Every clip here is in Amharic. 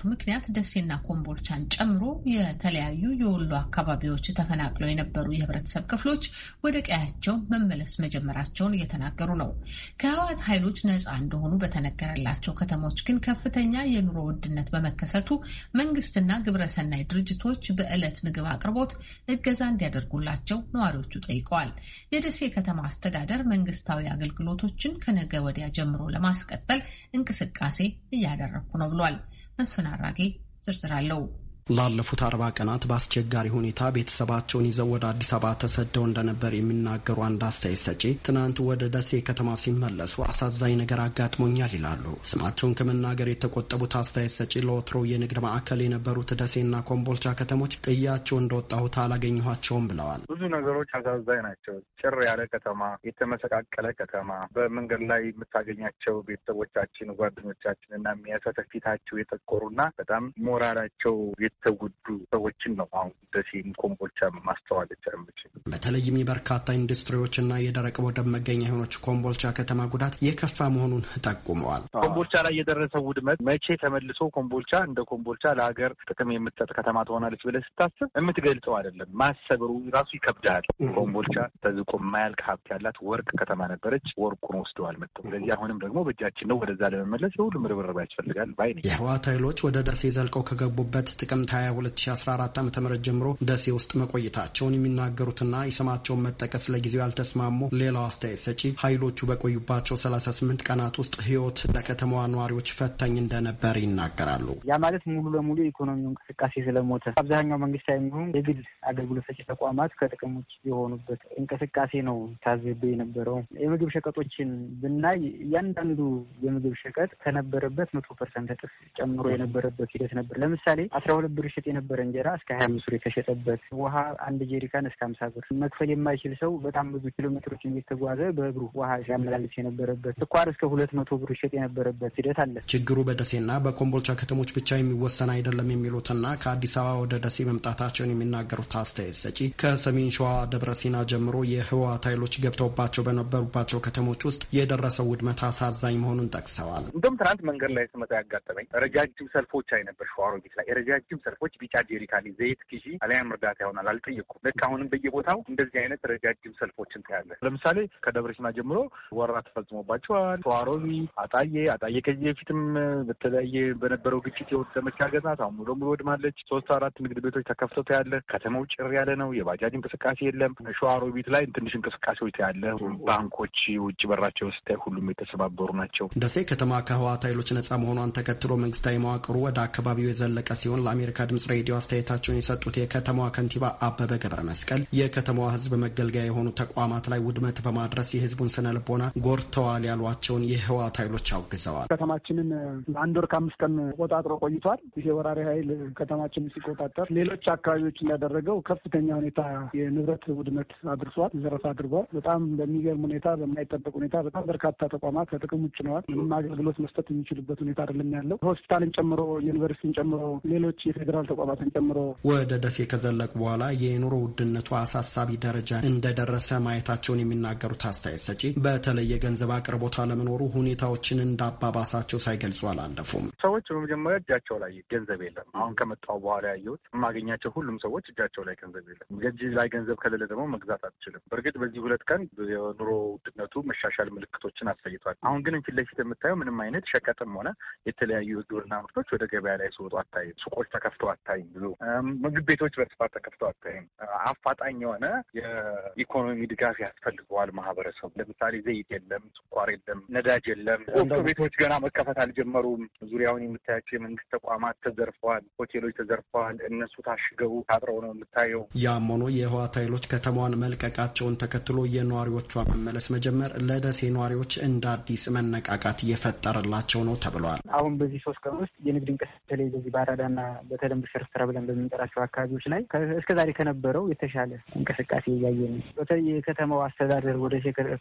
በመዘጋቱ ምክንያት ደሴና ኮምቦልቻን ጨምሮ የተለያዩ የወሎ አካባቢዎች ተፈናቅለው የነበሩ የህብረተሰብ ክፍሎች ወደ ቀያቸው መመለስ መጀመራቸውን እየተናገሩ ነው። ከህወሓት ኃይሎች ነፃ እንደሆኑ በተነገረላቸው ከተሞች ግን ከፍተኛ የኑሮ ውድነት በመከሰቱ መንግስትና ግብረሰናይ ድርጅቶች በዕለት ምግብ አቅርቦት እገዛ እንዲያደርጉላቸው ነዋሪዎቹ ጠይቀዋል። የደሴ ከተማ አስተዳደር መንግስታዊ አገልግሎቶችን ከነገ ወዲያ ጀምሮ ለማስቀጠል እንቅስቃሴ እያደረግኩ ነው ብሏል። መስፍን አራጌ ዝርዝር አለው። ላለፉት አርባ ቀናት በአስቸጋሪ ሁኔታ ቤተሰባቸውን ይዘው ወደ አዲስ አበባ ተሰደው እንደነበር የሚናገሩ አንድ አስተያየት ሰጪ ትናንት ወደ ደሴ ከተማ ሲመለሱ አሳዛኝ ነገር አጋጥሞኛል ይላሉ። ስማቸውን ከመናገር የተቆጠቡት አስተያየት ሰጪ ለወትሮው የንግድ ማዕከል የነበሩት ደሴና ኮምቦልቻ ከተሞች ጥያቸው እንደወጣሁት አላገኘኋቸውም ብለዋል። ብዙ ነገሮች አሳዛኝ ናቸው። ጭር ያለ ከተማ፣ የተመሰቃቀለ ከተማ፣ በመንገድ ላይ የምታገኛቸው ቤተሰቦቻችን ጓደኞቻችን እና የሚያሰተፊታቸው የጠቆሩና በጣም ሞራላቸው የተጎዱ ሰዎችን ነው አሁን ደሴም ኮምቦልቻ ማስተዋል ቻለች። በተለይም የበርካታ ኢንዱስትሪዎችና የደረቅ ወደብ መገኛ የሆነች ኮምቦልቻ ከተማ ጉዳት የከፋ መሆኑን ጠቁመዋል። ኮምቦልቻ ላይ የደረሰው ውድመት መቼ ተመልሶ ኮምቦልቻ እንደ ኮምቦልቻ ለሀገር ጥቅም የምትሰጥ ከተማ ትሆናለች ብለህ ስታስብ የምትገልጸው አይደለም። ማሰብሩ ራሱ ይከብዳል። ኮምቦልቻ ተዝቆ የማያልቅ ሀብት ያላት ወርቅ ከተማ ነበረች። ወርቁን ወስደዋል መጥተው። ስለዚህ አሁንም ደግሞ በእጃችን ነው። ወደዛ ለመመለስ የሁሉም ርብርብ ያስፈልጋል ባይ ነኝ። የህወሓት ኃይሎች ወደ ደሴ ዘልቀው ከገቡበት ጥቅም ከጥቅምት 22 2014 ዓ ም ጀምሮ ደሴ ውስጥ መቆየታቸውን የሚናገሩትና የስማቸውን መጠቀስ ለጊዜው ያልተስማሙ ሌላው አስተያየት ሰጪ ኃይሎቹ በቆዩባቸው 38 ቀናት ውስጥ ህይወት ለከተማዋ ነዋሪዎች ፈታኝ እንደነበር ይናገራሉ። ያ ማለት ሙሉ ለሙሉ የኢኮኖሚ እንቅስቃሴ ስለሞተ አብዛኛው መንግስታዊ የሚሆን የግል አገልግሎት ሰጪ ተቋማት ከጥቅም ውጭ የሆኑበት እንቅስቃሴ ነው ታዘበ የነበረው። የምግብ ሸቀጦችን ብናይ እያንዳንዱ የምግብ ሸቀጥ ከነበረበት መቶ ፐርሰንት እጥፍ ጨምሮ የነበረበት ሂደት ነበር። ለምሳሌ አስራ ሁለት ብር ይሸጥ የነበረ እንጀራ እስከ ሀያ አምስት ብር የተሸጠበት፣ ውሃ አንድ ጄሪካን እስከ ሀምሳ ብር፣ መክፈል የማይችል ሰው በጣም ብዙ ኪሎ ሜትሮችን እየተጓዘ በእግሩ ውሃ ሲያመላልስ የነበረበት፣ ስኳር እስከ ሁለት መቶ ብር ይሸጥ የነበረበት ሂደት አለ። ችግሩ በደሴና በኮምቦልቻ ከተሞች ብቻ የሚወሰን አይደለም የሚሉትና ከአዲስ አበባ ወደ ደሴ መምጣታቸውን የሚናገሩት አስተያየት ሰጪ ከሰሜን ሸዋ ደብረ ሲና ጀምሮ የህወሓት ኃይሎች ገብተውባቸው በነበሩባቸው ከተሞች ውስጥ የደረሰው ውድመት አሳዛኝ መሆኑን ጠቅሰዋል። እንደውም ትናንት መንገድ ላይ ስመጣ ያጋጠመኝ ረጃጅም ሰልፎች አይነበር ሸዋሮቢት ላይ ረጃጅም ሰልፎች ቢጫ ጀሪካን ዘይት ጊዜ አሊያም እርዳታ ይሆናል አልጠየቁም። ልክ አሁንም በየቦታው እንደዚህ አይነት ረጃጅም ሰልፎችን ታያለን። ለምሳሌ ከደብረ ጀምሮ ወረራ ተፈጽሞባቸዋል። ተዋሮቢ፣ አጣዬ አጣዬ ከዚህ በፊትም በተለያየ በነበረው ግጭት የወደመች ሀገር አሁን ሙሉ ለሙሉ ወድማለች። ሶስት አራት ንግድ ቤቶች ተከፍተው ታያለ። ከተማው ጭር ያለ ነው። የባጃጅ እንቅስቃሴ የለም። ሸዋሮቢት ላይ ትንሽ እንቅስቃሴዎች ታያለ። ባንኮች ውጭ በራቸው ስታይ ሁሉም የተሰባበሩ ናቸው። ደሴ ከተማ ከህወሓት ኃይሎች ነጻ መሆኗን ተከትሎ መንግስታዊ መዋቅሩ ወደ አካባቢው የዘለቀ ሲሆን ለአሜሪ ለአሜሪካ ድምጽ ሬዲዮ አስተያየታቸውን የሰጡት የከተማዋ ከንቲባ አበበ ገብረ መስቀል የከተማዋ ህዝብ መገልገያ የሆኑ ተቋማት ላይ ውድመት በማድረስ የህዝቡን ስነ ልቦና ጎርተዋል ያሏቸውን የህወሓት ኃይሎች አውግዘዋል። ከተማችንን አንድ ወር ከአምስት ቀን ቆጣጥሮ ቆይቷል። ይሄ ወራሪ ኃይል ከተማችንን ሲቆጣጠር ሌሎች አካባቢዎች እንዳደረገው ከፍተኛ ሁኔታ የንብረት ውድመት አድርሷል፣ ዘረፋ አድርጓል። በጣም በሚገርም ሁኔታ፣ በማይጠበቅ ሁኔታ በጣም በርካታ ተቋማት ከጥቅም ውጭ ነዋል። ምንም አገልግሎት መስጠት የሚችሉበት ሁኔታ አይደለም ያለው ሆስፒታልን ጨምሮ ዩኒቨርሲቲን ጨምሮ ሌሎች ፌዴራል ተቋማትን ጨምሮ ወደ ደሴ ከዘለቅ በኋላ የኑሮ ውድነቱ አሳሳቢ ደረጃ እንደደረሰ ማየታቸውን የሚናገሩት አስተያየት ሰጪ በተለይ የገንዘብ አቅርቦት አለመኖሩ ሁኔታዎችን እንዳባባሳቸው ሳይገልጹ አላለፉም። ሰዎች በመጀመሪያ እጃቸው ላይ ገንዘብ የለም። አሁን ከመጣው በኋላ ያየሁት የማገኛቸው ሁሉም ሰዎች እጃቸው ላይ ገንዘብ የለም። እጅ ላይ ገንዘብ ከሌለ ደግሞ መግዛት አትችልም። በእርግጥ በዚህ ሁለት ቀን የኑሮ ውድነቱ መሻሻል ምልክቶችን አሳይቷል። አሁን ግን ፊት ለፊት የምታየው ምንም አይነት ሸቀጥም ሆነ የተለያዩ የግብርና ምርቶች ወደ ገበያ ላይ ሲወጡ አታይም። ሱቆች ተከ ተከፍቶ አታይም። ብዙ ምግብ ቤቶች በስፋት ተከፍቶ አታይም። አፋጣኝ የሆነ የኢኮኖሚ ድጋፍ ያስፈልገዋል ማህበረሰቡ። ለምሳሌ ዘይት የለም፣ ስኳር የለም፣ ነዳጅ የለም። ወፍጮ ቤቶች ገና መከፈት አልጀመሩም። ዙሪያውን የምታያቸው የመንግስት ተቋማት ተዘርፈዋል፣ ሆቴሎች ተዘርፈዋል። እነሱ ታሽገው ታጥረው ነው የምታየው። ያም ሆኖ የህወሓት ኃይሎች ከተማዋን መልቀቃቸውን ተከትሎ የነዋሪዎቿ መመለስ መጀመር ለደሴ ነዋሪዎች እንደ አዲስ መነቃቃት እየፈጠረላቸው ነው ተብሏል። አሁን በዚህ ሶስት ቀን ውስጥ የንግድ እንቅስቃሴ በተለይ በዚህ በአራዳና በተለምዶ ሸርስተራ ብለን በምንጠራቸው አካባቢዎች ላይ ዛሬ ከነበረው የተሻለ እንቅስቃሴ እያየ ነው። በተለይ የከተማው አስተዳደር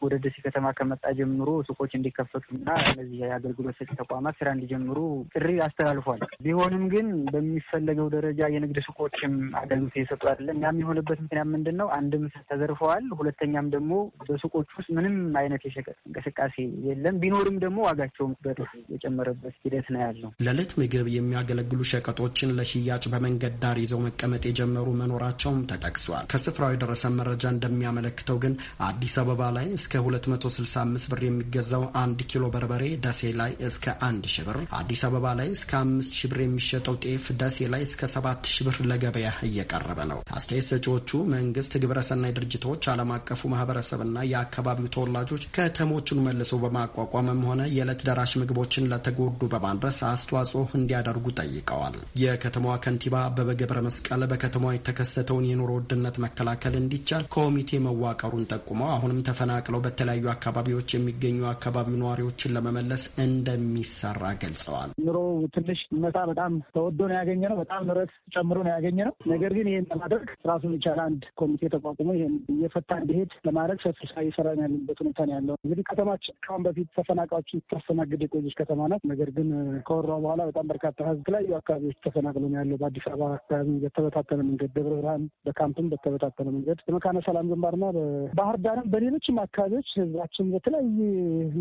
ወደ ደሴ ከተማ ከመጣ ጀምሮ ሱቆች እንዲከፈቱ እና እነዚህ የአገልግሎት ሰጪ ተቋማት ስራ እንዲጀምሩ ጥሪ አስተላልፏል። ቢሆንም ግን በሚፈለገው ደረጃ የንግድ ሱቆችም አገልግሎት እየሰጡ አይደለም። ያም የሆነበት ምክንያት ምንድን ነው? አንድም ተዘርፈዋል፣ ሁለተኛም ደግሞ በሱቆች ውስጥ ምንም አይነት የሸቀጥ እንቅስቃሴ የለም። ቢኖርም ደግሞ ዋጋቸውም በእጥፍ የጨመረበት ሂደት ነው ያለው። ለዕለት ምግብ የሚያገለግሉ ሸቀጦችን ለሽያጭ በመንገድ ዳር ይዘው መቀመጥ የጀመሩ መኖራቸውም ተጠቅሷል። ከስፍራው የደረሰ መረጃ እንደሚያመለክተው ግን አዲስ አበባ ላይ እስከ 265 ብር የሚገዛው አንድ ኪሎ በርበሬ ደሴ ላይ እስከ አንድ ሺ ብር፣ አዲስ አበባ ላይ እስከ አምስት ሺ ብር የሚሸጠው ጤፍ ደሴ ላይ እስከ ሰባት ሺ ብር ለገበያ እየቀረበ ነው። አስተያየት ሰጪዎቹ መንግስት፣ ግብረሰናይ ድርጅቶች፣ ዓለም አቀፉ ማህበረሰብና የአካባቢው ተወላጆች ከተሞቹን መልሶ በማቋቋምም ሆነ የዕለት ደራሽ ምግቦችን ለተጎዱ በማድረስ አስተዋጽኦ እንዲያደርጉ ጠይቀዋል። የከተማዋ ከንቲባ አበበ ገብረ መስቀል በከተማዋ የተከሰተውን የኑሮ ውድነት መከላከል እንዲቻል ኮሚቴ መዋቀሩን ጠቁመው አሁንም ተፈናቅለው በተለያዩ አካባቢዎች የሚገኙ አካባቢ ነዋሪዎችን ለመመለስ እንደሚሰራ ገልጸዋል። ኑሮ ትንሽ መሳ በጣም ተወዶ ነው ያገኘ ነው። በጣም ንረት ጨምሮ ነው ያገኘ ነው። ነገር ግን ይህን ለማድረግ ራሱን ይቻል አንድ ኮሚቴ ተቋቁሞ ይህን እየፈታ እንዲሄድ ለማድረግ ሰፊ ስራ እየሰራ ያለበት ሁኔታ ነው ያለው። እንግዲህ ከተማችን ከአሁን በፊት ተፈናቃዮችን ታስተናግድ የቆየች ከተማ ናት። ነገር ግን ከወራ በኋላ በጣም በርካታ ህዝብ ላይ አካባቢዎች ተፈናቅ ተፈናቅሎ ነው ያለው። በአዲስ አበባ አካባቢ በተበታተነ መንገድ፣ ደብረ ብርሃን በካምፕም በተበታተነ መንገድ፣ በመካነ ሰላም ግንባርና በባህር ዳርም በሌሎችም አካባቢዎች ህዝባችን በተለያየ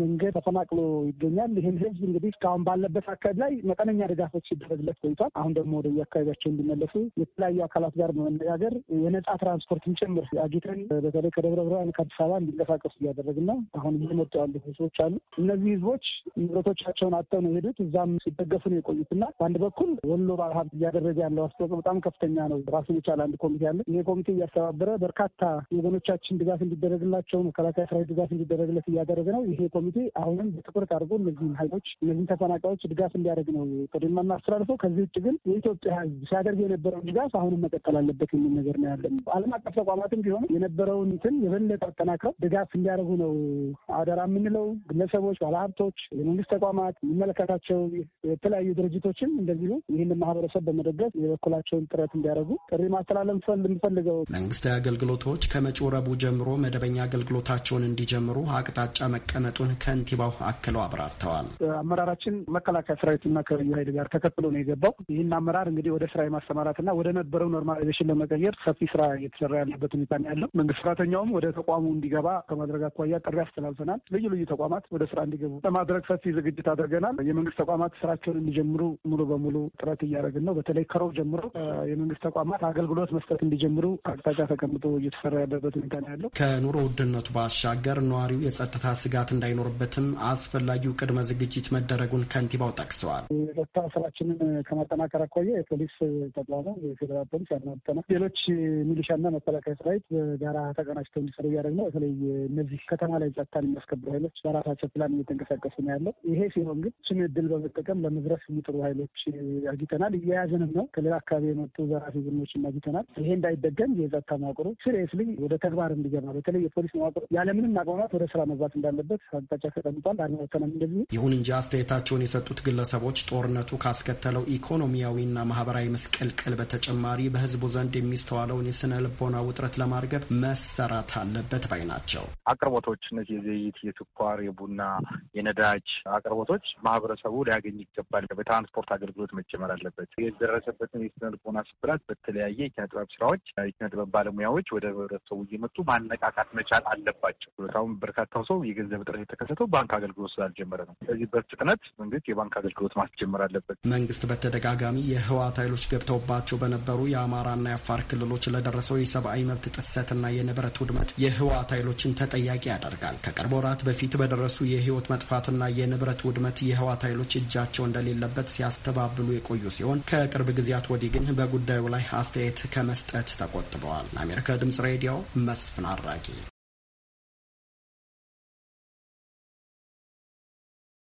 መንገድ ተፈናቅሎ ይገኛል። ይህን ህዝብ እንግዲህ እስካሁን ባለበት አካባቢ ላይ መጠነኛ ድጋፎች ሲደረግለት ቆይቷል። አሁን ደግሞ ወደ አካባቢያቸው እንዲመለሱ የተለያዩ አካላት ጋር በመነጋገር የነጻ ትራንስፖርትን ጭምር አግኝተን በተለይ ከደብረ ብርሃን ከአዲስ አበባ እንዲንቀሳቀሱ እያደረግን ነው። አሁን እየመጡ ያሉ ህዝቦች አሉ። እነዚህ ህዝቦች ንብረቶቻቸውን አጥተው ነው የሄዱት። እዛም ሲደገፉ ነው የቆዩትና በአንድ በኩል ወሎ ባለሀብት እያደረገ ያለው አስተዋጽኦ በጣም ከፍተኛ ነው። ራሱን የቻለ አንድ ኮሚቴ አለ። ይህ ኮሚቴ እያስተባበረ በርካታ የወገኖቻችን ድጋፍ እንዲደረግላቸው መከላከያ ሰራዊት ድጋፍ እንዲደረግለት እያደረገ ነው። ይሄ ኮሚቴ አሁንም በትኩረት አድርጎ እነዚህን ኃይሎች እነዚህን ተፈናቃዮች ድጋፍ እንዲያደርግ ነው ቅድማ አስተላልፎ ከዚህ ውጭ ግን የኢትዮጵያ ሕዝብ ሲያደርግ የነበረውን ድጋፍ አሁንም መቀጠል አለበት የሚል ነገር ነው ያለን። ዓለም አቀፍ ተቋማትም ቢሆን የነበረውን እንትን የበለጠ አጠናክረው ድጋፍ እንዲያደርጉ ነው አደራ የምንለው። ግለሰቦች፣ ባለሀብቶች፣ የመንግስት ተቋማት የሚመለከታቸው የተለያዩ ድርጅቶችም እንደዚሁ ይህን ማህበረሰብ ድርጅቶችን በመደገፍ የበኩላቸውን ጥረት እንዲያደርጉ ጥሪ ማስተላለፍ የምፈልገው መንግስታዊ አገልግሎቶች ከመጪው ረቡዕ ጀምሮ መደበኛ አገልግሎታቸውን እንዲጀምሩ አቅጣጫ መቀመጡን ከንቲባው አክለው አብራርተዋል። አመራራችን መከላከያ ሰራዊትና ከልዩ ኃይል ጋር ተከትሎ ነው የገባው። ይህን አመራር እንግዲህ ወደ ስራ የማሰማራትና ወደ ነበረው ኖርማላይዜሽን ለመቀየር ሰፊ ስራ እየተሰራ ያለበት ሁኔታ ነው ያለው። መንግስት ሰራተኛውም ወደ ተቋሙ እንዲገባ ከማድረግ አኳያ ጥሪ አስተላልፈናል። ልዩ ልዩ ተቋማት ወደ ስራ እንዲገቡ ለማድረግ ሰፊ ዝግጅት አድርገናል። የመንግስት ተቋማት ስራቸውን እንዲጀምሩ ሙሉ በሙሉ ጥረት እያደረግን ነው። በተለይ ከሮብ ጀምሮ የመንግስት ተቋማት አገልግሎት መስጠት እንዲጀምሩ አቅጣጫ ተቀምጦ እየተሰራ ያለበት ሁኔታ ነው ያለው። ከኑሮ ውድነቱ ባሻገር ነዋሪው የጸጥታ ስጋት እንዳይኖርበትም አስፈላጊው ቅድመ ዝግጅት መደረጉን ከንቲባው ጠቅሰዋል። የጸጥታ ስራችንን ከማጠናከር አኳያ የፖሊስ ተቋሙ የፌዴራል ፖሊስ ያናጠና ሌሎች ሚሊሻና መከላከያ ሰራዊት በጋራ ተቀናጅተው እንዲሰሩ እያደረግ ነው። በተለይ እነዚህ ከተማ ላይ ጸጥታን የሚያስከብሩ ኃይሎች በራሳቸው ፕላን እየተንቀሳቀሱ ነው ያለው። ይሄ ሲሆን ግን እሱን እድል በመጠቀም ለመድረስ የሚጥሩ ኃይሎች አግኝተናል። መያዝንም ነው። ከሌላ አካባቢ የመጡ ዘራፊ ቡድኖችን አግኝተናል። ይሄ እንዳይደገም የጸጥታ መዋቅሩ ሲሪየስሊ ወደ ተግባር እንዲገባ በተለይ የፖሊስ መዋቅሩ ያለምንም አቋማት ወደ ስራ መግባት እንዳለበት አቅጣጫ ተቀምጧል። አልመተናም እንደዚህ። ይሁን እንጂ አስተያየታቸውን የሰጡት ግለሰቦች ጦርነቱ ካስከተለው ኢኮኖሚያዊና ማህበራዊ መስቀልቅል በተጨማሪ በህዝቡ ዘንድ የሚስተዋለውን የስነ ልቦና ውጥረት ለማርገብ መሰራት አለበት ባይ ናቸው። አቅርቦቶች እነዚህ የዘይት፣ የስኳር፣ የቡና፣ የነዳጅ አቅርቦቶች ማህበረሰቡ ሊያገኝ ይገባል። በትራንስፖርት አገልግሎት መጀመር አለበት። የደረሰበትን የስነልቦና ስብራት በተለያየ የኪነጥበብ ስራዎች የኪነጥበብ ባለሙያዎች ወደ ህብረተሰቡ እየመጡ ማነቃቃት መቻል አለባቸው። ሁለታሁን በርካታው ሰው የገንዘብ እጥረት የተከሰተው ባንክ አገልግሎት ስላልጀመረ ነው። ስለዚህ በፍጥነት መንግስት የባንክ አገልግሎት ማስጀመር አለበት። መንግስት በተደጋጋሚ የህወሓት ኃይሎች ገብተውባቸው በነበሩ የአማራና የአፋር ክልሎች ለደረሰው የሰብአዊ መብት ጥሰትና የንብረት ውድመት የህወሓት ኃይሎችን ተጠያቂ ያደርጋል። ከቅርብ ወራት በፊት በደረሱ የህይወት መጥፋትና የንብረት ውድመት የህወሓት ኃይሎች እጃቸው እንደሌለበት ሲያስተባብሉ የቆዩ ሲሆን ከ ከቅርብ ጊዜያት ወዲህ ግን በጉዳዩ ላይ አስተያየት ከመስጠት ተቆጥበዋል። ለአሜሪካ ድምጽ ሬዲዮ መስፍን አራጌ